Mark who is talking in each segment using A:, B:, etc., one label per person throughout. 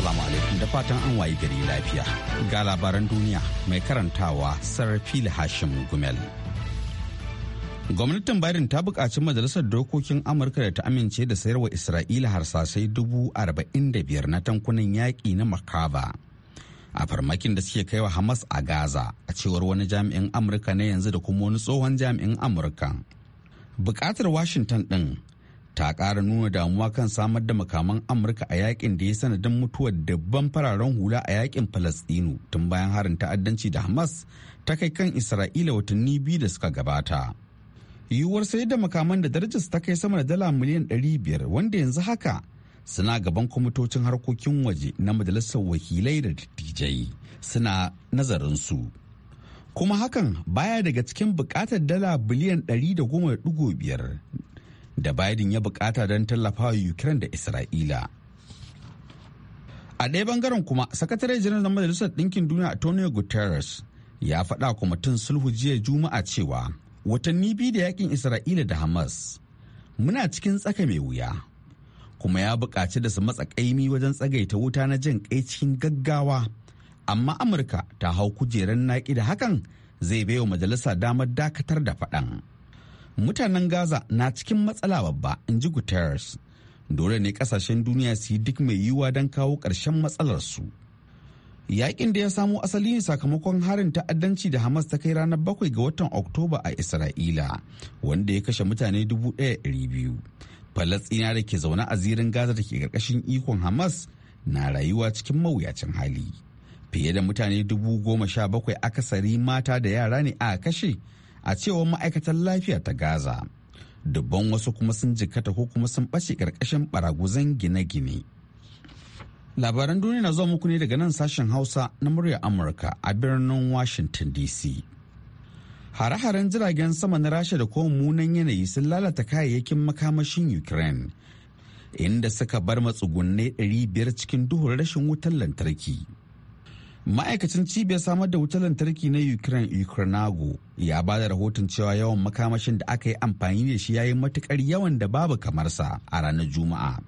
A: Assalamu alaikum da fatan an wayi gari lafiya. Ga labaran duniya mai karantawa Sarfil Hashim Gumel. Gwamnatin Biden ta buƙaci Majalisar Dokokin Amurka da ta amince da sayarwa Isra'ila harsasai dubu arba'in da biyar na tankunan yaƙi na makaba A farmakin da suke kaiwa Hamas a Gaza, a cewar wani jami'in Amurka na yanzu da kuma wani tsohon jami'in Amurka. bukatar Washington ɗin ta ƙara nuna damuwa kan samar da makaman amurka a yakin da ya sanadin mutuwar dabban fararen hula a yakin falastinu tun bayan harin ta'addanci da hamas ta kai kan isra'ila watanni biyu da suka gabata yiwuwar sayar da makaman da darajar ta kai sama da dala miliyan 500 wanda yanzu haka suna gaban kwamitocin harkokin waje na majalisar wakilai da dattijai suna nazarin su kuma hakan baya daga cikin bukatar dala biliyan 110.5 da Biden ya bukata don tallafawa Ukraine da Isra'ila. A ɗaya bangaren kuma, sakatare janar na Majalisar Ɗinkin Duniya Antonio Guterres ya faɗa kwamitin sulhu jiya Juma'a cewa watanni biyu da yakin Isra'ila da Hamas muna cikin tsaka mai wuya. Kuma ya buƙaci da su matsa ƙaimi wajen tsagaita wuta na jin ƙai cikin gaggawa. Amma Amurka ta hau kujerar naƙi da hakan zai baiwa majalisa damar dakatar da faɗan. mutanen gaza na cikin matsala babba in ji guterres dole ne kasashen duniya su yi duk mai yiwuwa don kawo ƙarshen matsalarsu yaƙin da ya samo asali ne sakamakon harin ta'addanci da hamas ta kai ranar bakwai ga watan oktoba a isra'ila wanda ya kashe mutane dubu biyu. falastina da ke zaune a zirin gaza da ke ƙarƙashin ikon hamas na rayuwa cikin mawuyacin hali fiye da mutane dubu goma sha bakwai akasari mata da yara ne a kashe a cewar ma'aikatar lafiya ta gaza dubban wasu kuma sun jikata ko kuma sun ɓace ƙarƙashin baraguzan gine-gine labaran duniya na zuwa muku ne daga nan sashen hausa na muryar amurka a birnin washington dc hare-haren jiragen sama na rasha da kuma munan yanayi sun lalata kayayyakin makamashin ukraine inda suka bar matsugunne 500 cikin duhun rashin wutar lantarki ma'aikacin cibiyar samar da wutar lantarki na ukraine ukrainago ya ba da rahoton cewa yawan makamashin da aka yi amfani da shi yayin matukar yawan da babu kamar sa a ranar juma'a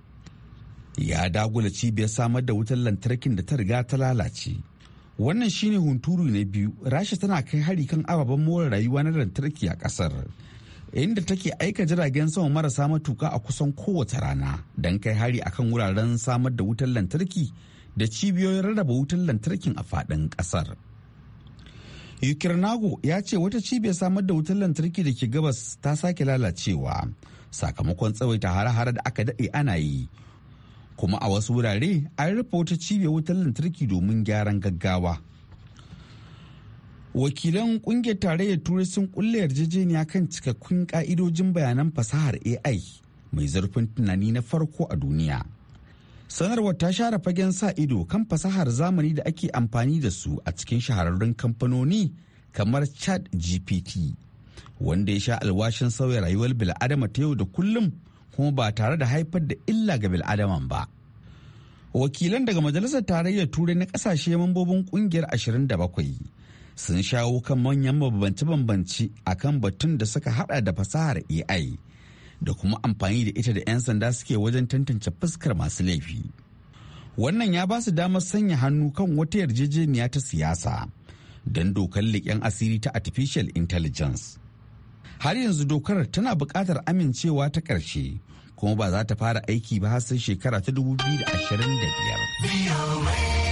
A: ya dagula cibiyar samar da wutar lantarkin da ta riga ta lalace wannan shine hunturu na biyu rasha tana kai hari kan ababen more rayuwa na lantarki a kasar inda take aika jiragen sama marasa matuka a kusan kowace rana don kai hari akan wuraren samar da wutar lantarki da cibiyoyin rarraba wutar lantarkin a faɗin ƙasar. Ukirnago ya ce wata cibiyar samar da wutar lantarki da ke gabas ta sake lalacewa sakamakon tsawaita hare-hare da aka daɗe ana yi. Kuma a wasu wurare an rufe wata cibiyar wutar lantarki domin gyaran gaggawa. Wakilan ƙungiyar tarayyar turai sun kulle yarjejeniya kan cikakkun ƙa'idojin bayanan fasahar AI mai zurfin tunani na farko a duniya. sanarwar ta share fagen sa ido kan fasahar zamani da ake amfani da su a cikin shahararrun kamfanoni kamar chad gpt wanda ya sha alwashin sauya rayuwar bil'adama ta yau da kullum kuma ba tare da haifar da illa ga bil'adaman ba wakilan daga majalisar tarayyar turai na kasashe mambobin kungiyar 27 sun shawo kan manyan mabambance-bambance akan batun da suka hada da fasahar ai da kuma amfani da ita da 'yan sanda suke wajen tantance fuskar masu laifi wannan ya ba su damar sanya hannu kan wata yarjejeniya ta siyasa don dokar leƙen asiri ta artificial intelligence har yanzu dokar tana buƙatar amincewa ta ƙarshe kuma ba za ta fara aiki ba har sai shekara ta 2025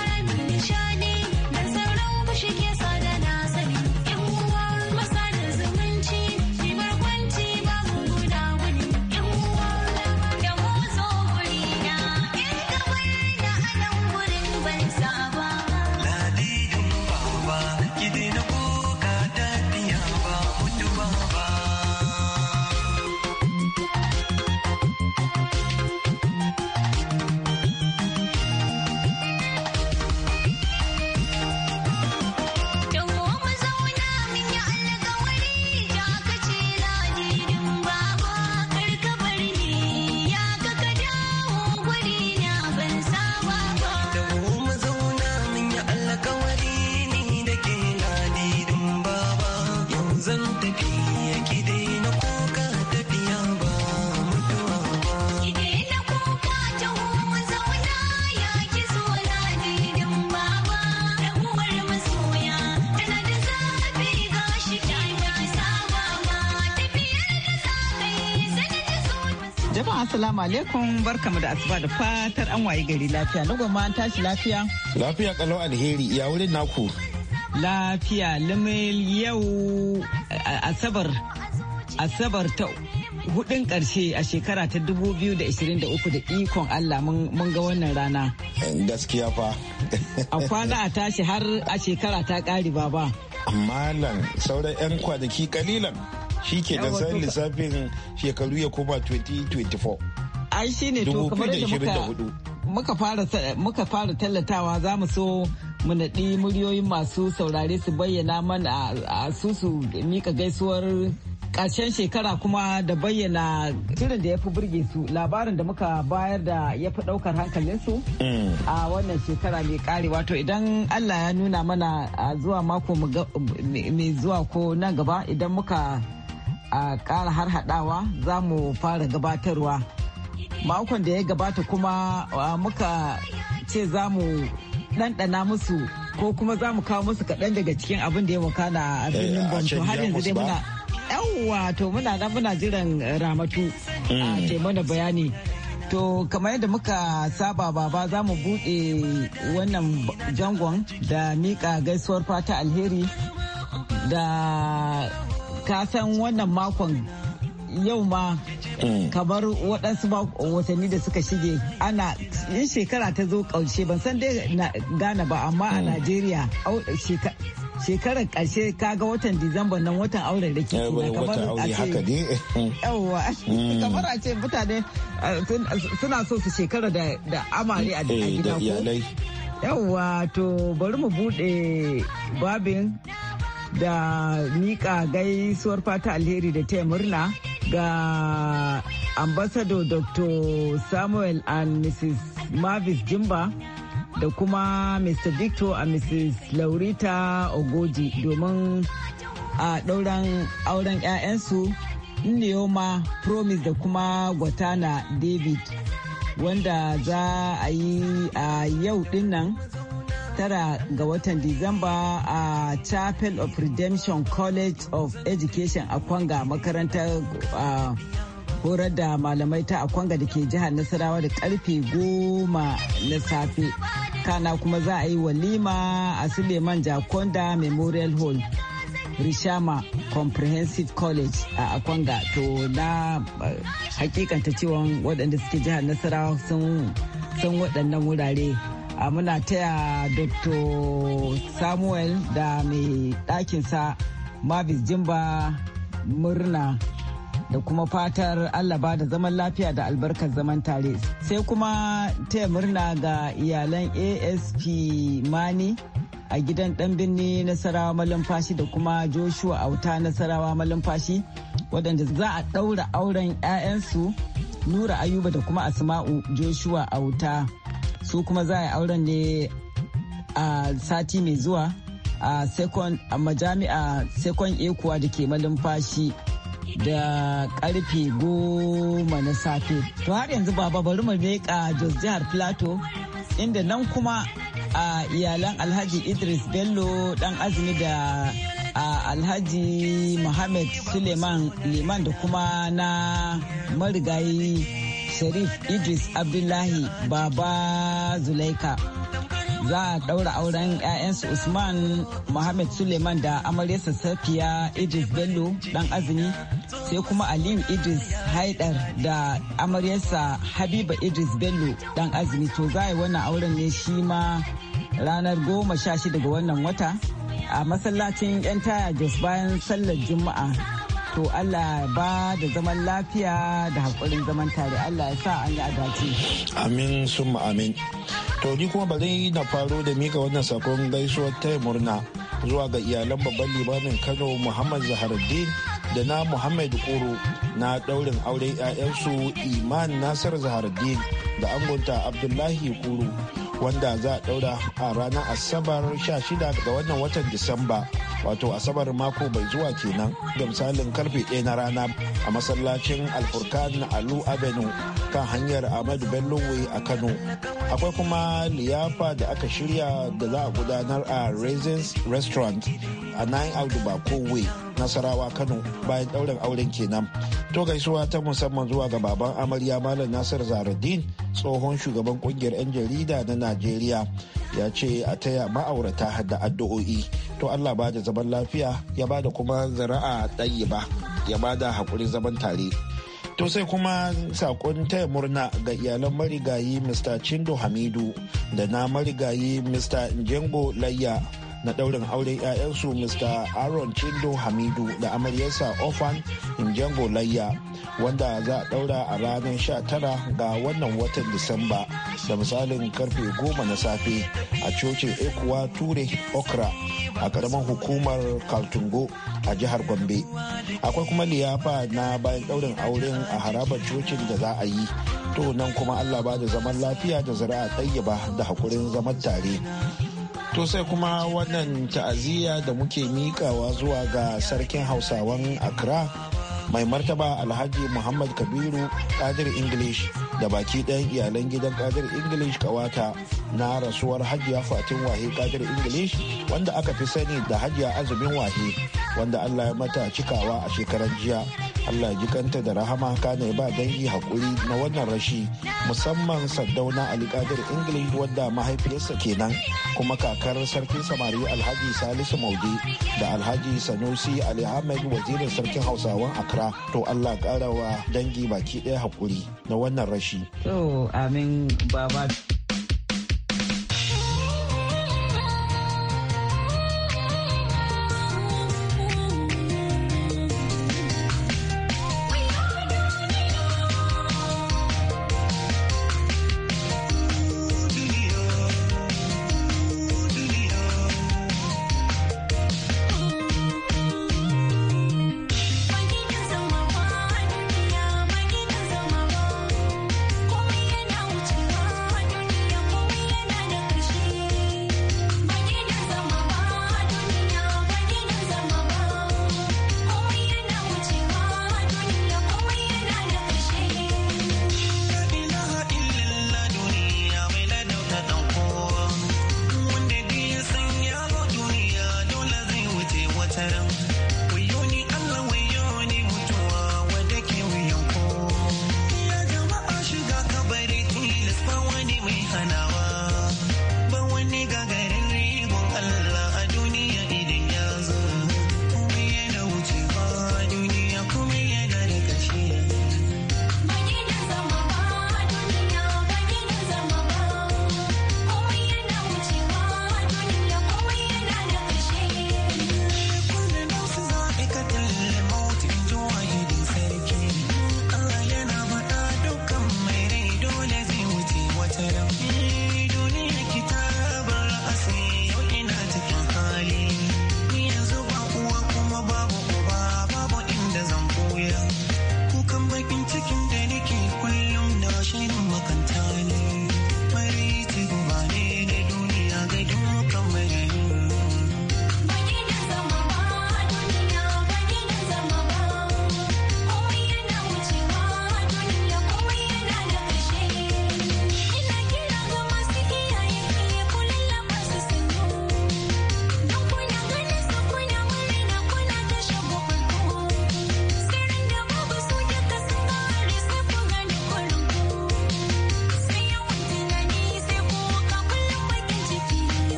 B: Jama'a assalamu alaikum barkamu da asuba da fatar an waye gari lafiya na goma an tashi lafiya.
C: Lafiya kalau alheri ya wurin naku.
B: Lafiya limil yau asabar asabar ta hudun karshe a shekara ta 2023 da ikon Allah mun ga wannan rana.
C: Gaskiya fa. A kwana
B: a tashi har a shekara ta ba.
C: amma nan sauran 'yan kwanaki kalilan. shi ke da lissafin shekaru ya koma 2024
B: ai shi ne to kamar da muka fara muka fara tallatawa za mu so mu naɗi muryoyin masu saurare su bayyana mana a su su mika gaisuwar ƙarshen shekara kuma da bayyana shirin da ya fi burge su labarin da muka bayar da ya fi ɗaukar hankalinsu mm. a wannan shekara mai karewa to idan allah ya nuna mana zuwa mako mai zuwa ko nan gaba idan muka a ƙara har haɗawa za mu fara gabatarwa makon da ya gabata kuma muka ce za mu ɗanɗana musu ko kuma za mu kawo musu kaɗan daga cikin abin da ya wakana a eh, birnin bantu har yanzu dai muna yawwa to muna nan muna jiran ramatu a hmm. mana bayani to kamar yadda muka saba baba za mu buɗe wannan jangon da miƙa gaisuwar fata alheri da ka san wannan makon yau ma hmm. kamar waɗansu watanni da suka shige ana in shekara ta zo ƙarshe ban san dai na gane ba amma a hmm. najeriya shekarar ƙarshe ga watan disamba nan watan auren da ke eh, yawwa hmm. kamar a ce mutane suna so su shekara da amare a eh, gida ko yawwa to bari mu buɗe babin da mika gaisuwar fata alheri da ta murna ga ambassador dr samuel and mrs mavis jimba da kuma mr victor and mrs laurita ogoji domin a ɗauran auren 'ya'yansu nneoma promise da kuma gwatana david wanda za a yi a yau dinnan tara ga watan Disamba a Chapel of Redemption College of Education a Kwanga makarantar horar da malamai ta kwanga da ke jihar Nasarawa da karfe goma na safe. Kana kuma za a yi walima a Suleiman Jakonda Memorial Hall. Rishama Comprehensive College a Akwanga to na hakikanta cewa waɗanda suke jihar Nasarawa sun waɗannan wurare a muna taya dr samuel da mai ɗakinsa mavis jimba murna da kuma fatar Allah ba da zaman lafiya da albarkar zaman tare sai kuma taya murna ga iyalan asp mani a gidan dan birni nasarawa malumfashi da kuma joshua auta nasarawa malumfashi waɗanda za a ɗaura auren 'ya'yansu nura ayuba da kuma asma'u joshua auta su kuma za a yi auren ne a sati mai zuwa a second a majami'a second ekuwa da ke malumfashi da karfe goma na safe to har yanzu baba bari mu leƙa jos jihar plateau inda nan kuma a iyalan alhaji idris bello dan azumi da a alhaji muhammad suleiman liman da kuma na marigayi sharif idris abdullahi baba zulaika za a ɗaura auren 'ya'yansu usman muhammed suleiman da amaryarsa safiya idris bello dan azumi sai kuma aliyu idris haidar da amaryarsa habiba idris bello dan azumi to za a yi wannan auren ne shi ma ranar goma sha shida ga wannan wata a masallacin 'yan taya jos bayan sallar juma'a to Allah ba da zaman lafiya da haƙurin zaman tare Allah ya sa an yi adace.
C: Amin summa amin. To ni kuma bari na faro da mika wannan sakon gaisuwar ta murna zuwa ga iyalan babban limamin Kano Muhammad Zaharuddin da na Muhammad Kuro na daurin auren 'ya'yansu Iman Nasir Zaharuddin da angonta Abdullahi Kuro wanda za a daura a ranar Asabar 16 ga wannan watan Disamba. wato asabar mako mai zuwa kenan da misalin karfe 1 na rana a masallacin alfurkan alu avenue kan hanyar ahmadu bello a kano akwai kuma liyafa da aka shirya da za a gudanar a raisins restaurant a 9 out bako way nasarawa kano bayan ɗaurin auren kenan to gaisuwa ta musamman zuwa ga baban amarya malam nasir zaradin tsohon shugaban kungiyar 'yan jarida na najeriya ya ce a taya ma'aurata da addu'o'i to Allah ba da zaman lafiya ya ba da kuma zara'a ɗaye ba ya ba da haƙuri zaman tare to sai kuma sakon taya murna ga iyalan marigayi mr chindo hamidu da na marigayi mr njengo layya na daurin auren 'ya'yansu mr aaron chindo hamidu da amaryarsa ofan injango layya wanda za a daura a ranar 19 ga wannan watan disamba da misalin karfe 10 na safe a cocin ekuwa ture okra a karamar hukumar kaltungo a jihar gombe akwai kuma liyafa na bayan daurin auren a harabar cocin da za a yi to nan kuma allah ba da zaman lafiya da zara'a ɗayyaba da hakurin zaman tare To sai kuma wannan ta'aziyya da muke miƙawa zuwa ga sarkin hausawan Akra mai martaba alhaji Muhammad Kabiru Kadir English da baki ɗayan iyalan gidan Kadir English kawata na rasuwar hajiya Fatin Wahe Kadir English wanda aka fi sani da hajiya azumin Wahe wanda Allah ya mata cikawa a shekaran jiya. Allah jikanta da rahama kane ba dangi hakuri na wannan rashi musamman saddauna alikadir Ingilin wadda mahaifiyarsa kenan kuma kakar sarkin samari Alhaji Salisu Maude da Alhaji Sanusi Ali Ahmed wazirin sarkin Hausawan Accra to Allah wa dangi baki ɗaya hakuri na
B: wannan rashi. To amin baba.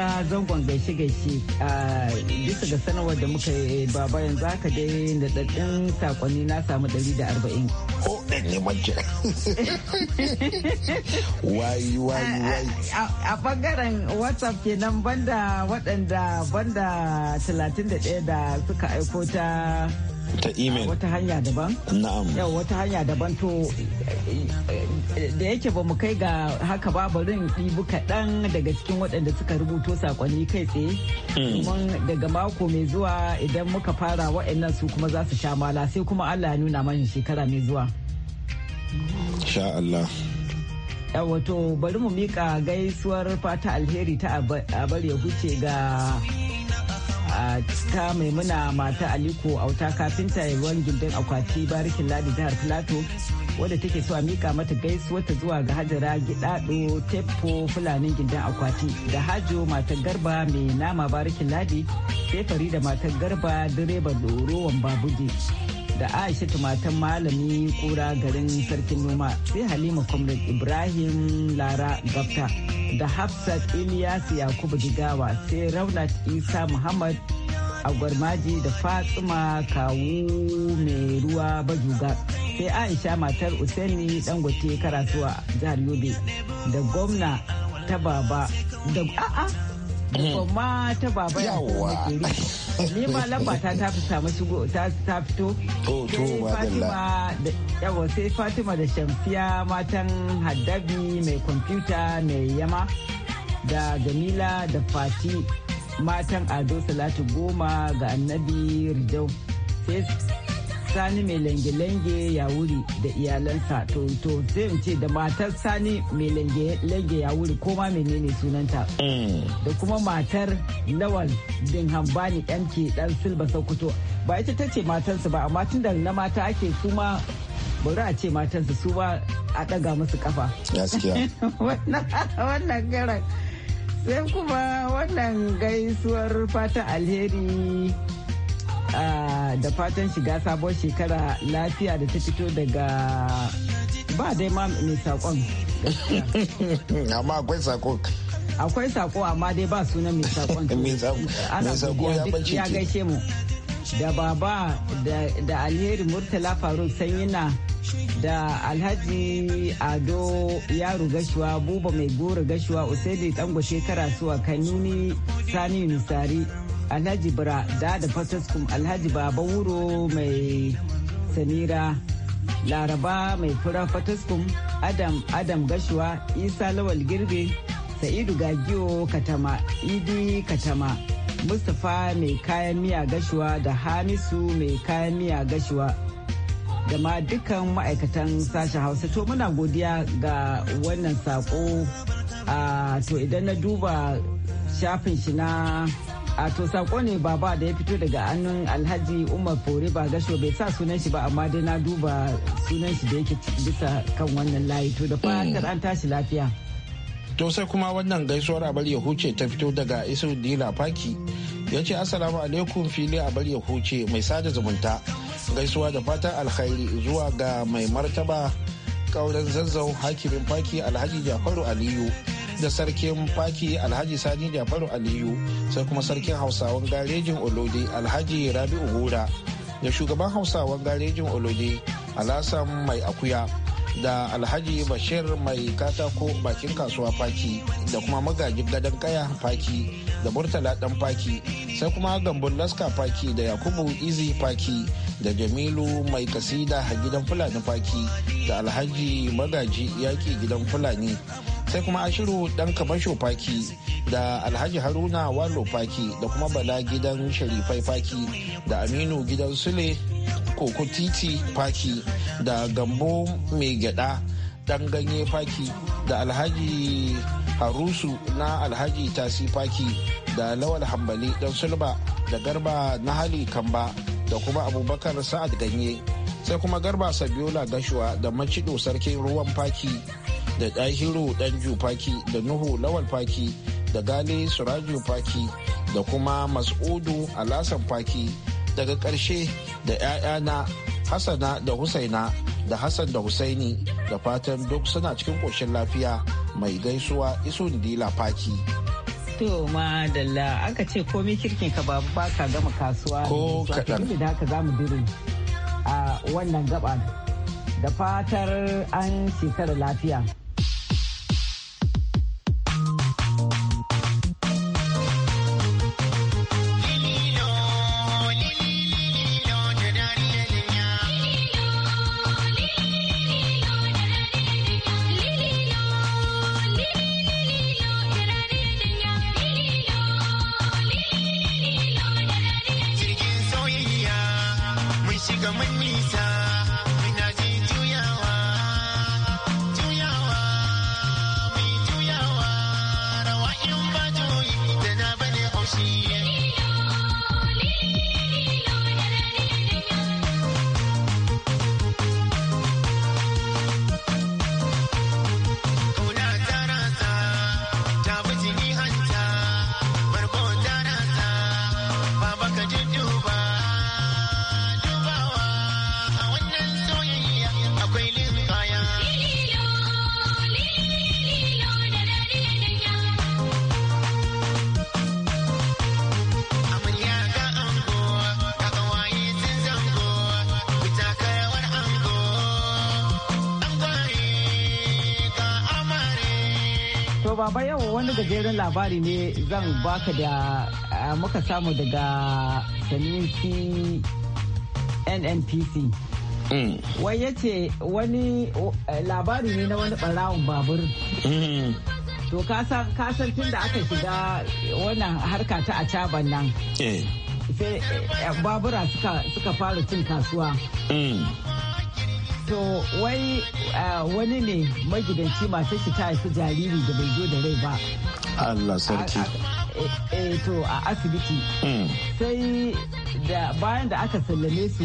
B: na zangon gaishe-gaishe a bisa ga sanarwar da muka yi baba yanzu haka dai da daɗin sakonni na samu 140. Ko ɗan neman kira. Wayi wayi wayi. A bangaren WhatsApp kenan banda waɗanda banda 31 da suka aiko ta ta email wata hanya daban na'am yau wata hanya daban to da yake ba mu kai ga haka ba bari barin ɗibi kaɗan daga cikin waɗanda suka rubuto sakonni kai tsaye hmm. domin daga mako mai zuwa idan muka fara waɗannan su kuma za su sha mala sai kuma allah ya nuna mana shekara mai zuwa
C: sha allah
B: wato bari mu mika gaisuwar fata alheri ta abar ya huce ga ta maimuna mata aliko auta kafinta ruwan gindin akwati barikin ladi jihar filato wadda take so a mika mata gaisuwa ta zuwa ga hajara gidado tepo fulanin gindin akwati da hajo matar garba mai nama barikin ladi sai fari da matar garba direban dorowan babuge da aisha tumatan malami kura garin sarkin noma sai halima comrade ibrahim lara gafta da hafsat ilyas yakubu gigawa sai raunat isa muhammad agwarmaji da fatima kawu mai ruwa bajuga sai aisha matar usaini dangote karatuwa jihar yobe da gwamna ta baba da a'a da eh. ta baba ni ma lamba ta ta fita masu ta fito fatima da yawa sai fatima da shamfiya matan haddabi mai kwamfuta mai yama da jamila da fati matan ado salatu goma ga annabi rijau sani mai lange-lange ya wuri da iyalansa to to sai in ce da matar sani mai lange-lange ya wuri ko ma menene sunanta mm. da kuma matar lawal din hambani dan ke dan silba sokoto ba ita ta ce matarsa ba amma tun da na mata ake kuma bari a ce matarsa su ba a daga musu kafa wannan garan sai kuma wannan gaisuwar fata alheri da fatan shiga sabon shekara lafiya da ta fito daga ba dai ma mai saƙon. amma akwai saƙon akwai saƙo amma dai ba sunan mai saƙon mai sako ya ya gaishe mu da baba da alheri murtala faruk sanyina da alhaji ado yaro gashuwa buba mai goro gashuwa usaini dango shekara suwa kanuni sani nusari alhaji bura da da fataskum alhaji baba wuro mai samira laraba mai fura fataskum adam adam gashuwa isa lawal girbe sa'idu gagiyo katama idi katama mustapha mai kayan miya gashuwa da hamisu mai kayan miya gashuwa da ma dukkan ma'aikatan sashen hausa to muna godiya ga wannan sako ah, to idan na duba shafin shi na a to sako ne baba da ya fito daga hannun alhaji umar fore ba gasho bai sa sunan shi ba amma dai na duba sunan shi da yake bisa kan wannan layi to da fatar an tashi lafiya
C: to sai kuma wannan gaisuwar a ya huce ta fito daga isu dila faki ya ce assalamu alaikum fili a ya huce mai sada zumunta gaisuwa da fatan alkhairi zuwa ga mai martaba kauren zazzau hakimin faki alhaji jafaru aliyu da sarkin faki alhaji sani jafaru aliyu sai kuma sarkin hausawan garejin olode alhaji rabi'u gora da shugaban hausawan garejin olode alhassan mai akuya da alhaji bashir mai katako bakin kasuwa faki da kuma magajin gadon kaya faki da murtala dan faki sai kuma gambun laska faki da yakubu izi faki da jamilu mai kasida gidan fulani faki da alhaji magaji yaki gidan fulani sai kuma ashiru dan kamasho faki da alhaji haruna walo faki da kuma bala gidan sharifai faki da aminu gidan sule koko titi faki da gambo mai gyada dan ganye faki da alhaji harusu na alhaji tasi faki da lawal hambali dan sulba da garba na hali kamba da kuma abubakar sa'ad ganye sai kuma garba sabiola gashuwa da macido sarkin ruwan faki da ɗahiru ɗanju faki da nuhu lawal faki da gane suraju faki da kuma mas'udu alasan faki daga karshe da 'ya'yana hassana da husaina da hassan da husaini da fatan duk suna cikin ƙoshin lafiya mai gaisuwa ni dila faki
B: to ma dalla aka ce komai kirkin ka babu ka gama kasuwa ko kaɗan da haka za mu dire a wannan gaba da fatar an shekara lafiya gajeren labari ne zan baka da muka samu daga community nnpc wai ya ce wani eh, labari ne na wani barawon babur mm-hmm. to kasan tun da aka shiga wannan harka ta a caban nan eh. sai eh, babura suka fara cin kasuwa mm. to wai wani ne magidanci masu shi ta haifi jariri da bai zo da rai ba Allah sarki eh, eh, to a asibiti hmm. sai da bayan da aka sallame su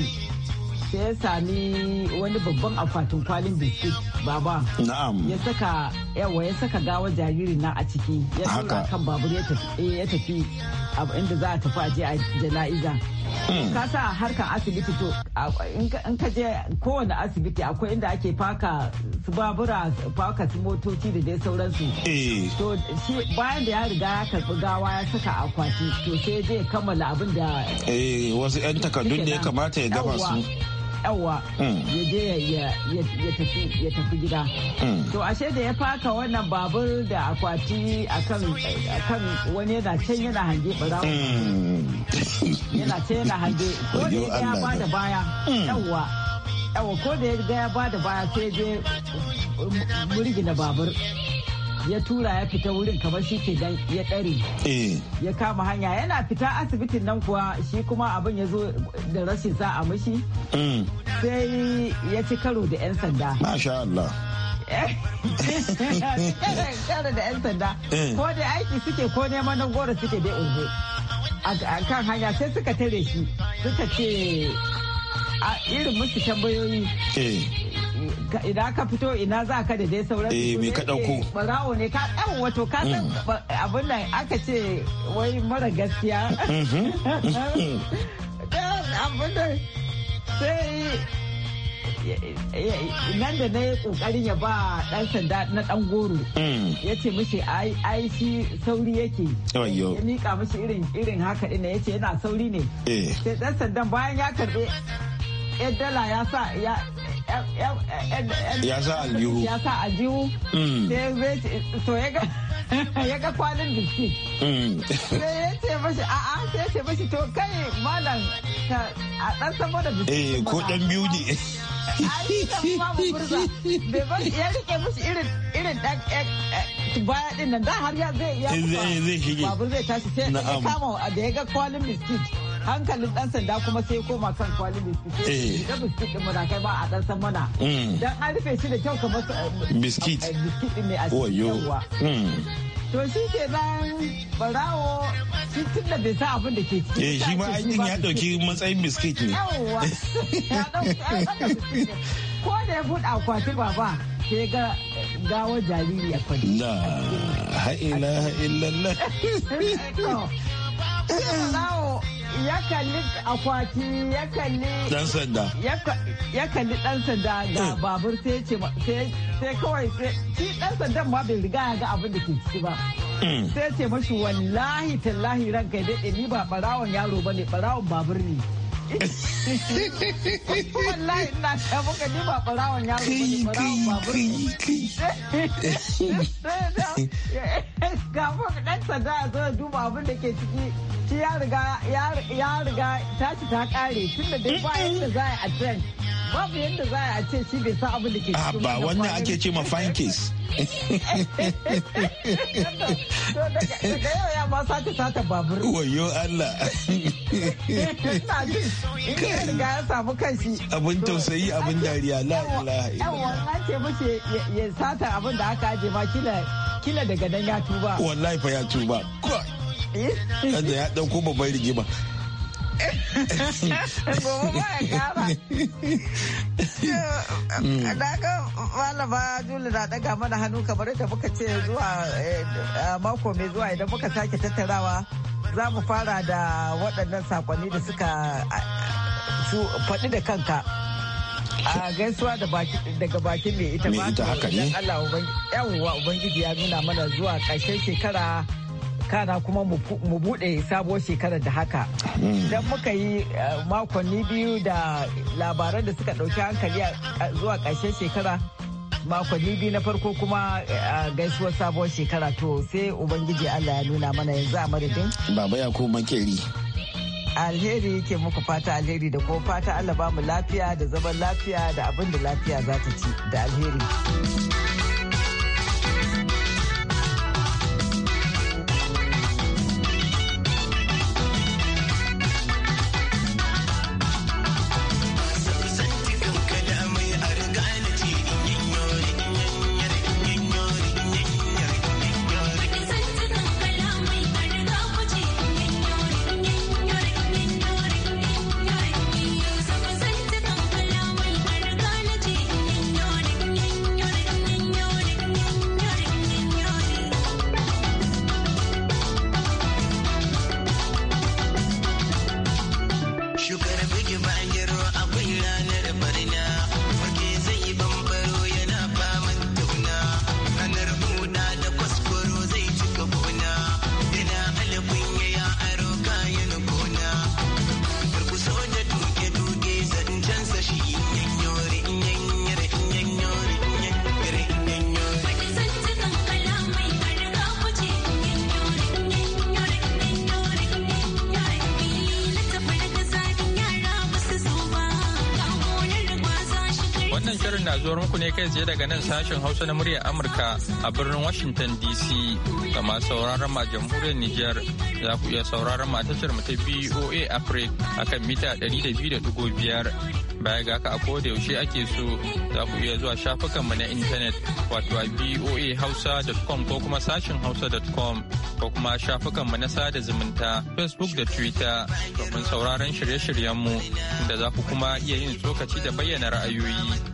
B: sai ya sami wani babban akwatin kwalin biskit baba na'am ya saka yawa ya saka gawa jariri na a ciki ya tura kan babur ya tafi eh, inda za a tafi a je a jana'iza hmm. ka sa harkar asibiti to in ka je kowane asibiti akwai inda ake faka su babura faka su motoci da dai sauransu eh. to shi bayan da ya riga ya karbi gawa ya saka akwati to sai zai kammala abin da
C: eh, wasu 'yan takardun da ya kamata ya gama su
B: yawa mm. ya je ya tafi gida mm. to ashe da ya faka wannan babur da akwati akan wani yana can yana hange barawa mm. yana can yana hange ko da ya ba da baya yawa yawa ko da ya ya ba da baya sai je murgina babur ya tura ya fita wurin kamar shi ke dan ya tsare eh. ya kama hanya yana fita asibitin nan kuwa shi kuma abin ya zo da rashin sa a mashi mm. sai ya ci karo da 'yan sanda
C: masha Allah
B: karo da 'yan sanda eh. ko da aiki suke ko neman na goro suke dai ungo a kan hanya sai suka tare shi suka ce a irin musu tambayoyi eh. idan ka fito ina za ka da dai sauran eh, su me ka dauko eh, barawo ne ka dan wato ka san mm. abin nan aka ce wai mara gaskiya mm-hmm. eh, abin nan sai nan da na yi kokarin ya ba dan sanda na dan goro mm. ya ce mishi ai shi sauri yake ya mika mishi irin irin haka ina ya ce yana sauri ne sai dan sandan bayan ya karbe ya dala ya sa ya sa aljihu ya sa aljihu hmm. to ya ga ya ga kwalin biki hmm. sai ya ce mashi a'a sai ya ce mashi to kai malam a dan saboda biki eh ko dan biyu ne ya rike musu irin irin dan eh, eh, baya din nan da har ya zai ya eh, babur zai tashi sai ya kama da ya ga kwalin biskit hankalin dan sanda kuma sai koma kan kwali eh. biskit da biskit din muna kai ba a dan san mana mm. dan an rufe shi da kyau kamar eh, biskit eh, biskit din ne a cikin mm. to shi ke nan barawo shi tun da bai sa abin da ke ciki shi ma aikin ya dauki
C: matsayin biskit ne
B: yawwa ko da ya buɗe akwati baba sai ga gawa jariri a kwani
C: na ha'ila ha'illallah
B: barawo ya kalli akwati ya kalli dan sanda ya kalli dan sanda da eh. babur sai ce sai kawai shi dan sanda ma bai riga ya ga abin da ke ciki ba mm. sai ce mashi wallahi tallahi ranka ya ni ba barawon yaro bane barawon babur ne wallahi ina ta muka ni ba barawon yaro bane barawon babur ne ga dan sanda ya zo duba abin da ke ciki shi ya riga ya riga tashi ta kare tun da dai ba eh, eh. yadda za a trend babu yadda za a ce shi bai sa abu da ke cikin ba wannan ake ce ma fine case daga yau ya ma sake sata babur wayo Allah in ya riga
A: ya samu kanshi abin tausayi abin dariya la ilaha illallah
B: yawan ce muke ya sata abin da aka aje ma kila daga nan ya tuba
C: wallahi fa ya tuba Kada ya ɗauko babban rigima.
B: gobe ba ya da ga malama juli na daga mana hannu kamar da muka ce zuwa eh, mako mai zuwa idan muka sake tattarawa za mu fara da waɗannan sakonni da suka faɗi da kanka a gaisuwa daga bakin mai ita ba Allah ubangiji ya nuna mana zuwa ƙarshen shekara kana kuma mu bude sabuwar shekarar da haka idan muka yi eh, makonni biyu da labaran da suka ɗauki hankali zuwa ƙarshen shekara makonni biyu na farko kuma eh, gaisuwar sabuwar shekara to sai ubangiji allah ya nuna mana yanzu a madadin
C: baba ya kuma makeri
B: alheri ke muku fata alheri da kuma fata allah ba mu lafiya da zaman lafiya da abin da lafiya za ta ci da alheri
D: ne kai tsaye daga nan sashen Hausa na muryar Amurka a birnin Washington DC. Ga masu sauraron ma jamhuriyar Nijar za ku iya sauraron ma tashar mu ta BOA Africa kan mita 200.5. Baya ga haka a koda yaushe ake so za ku iya zuwa mu na intanet wato a boahausa.com ko kuma sashen hausa.com ko kuma shafukanmu na sada zumunta Facebook da Twitter domin sauraron shirye-shiryenmu da za ku kuma iya yin tsokaci da bayyana ra'ayoyi.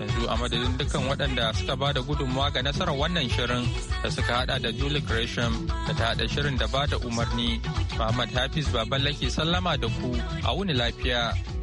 D: yanzu a madadin dukkan waɗanda suka ba da gudunmawa ga nasarar wannan shirin da suka hada da julie gresham da ta hada shirin da ba da umarni muhammad hafiz ke sallama da ku a wuni lafiya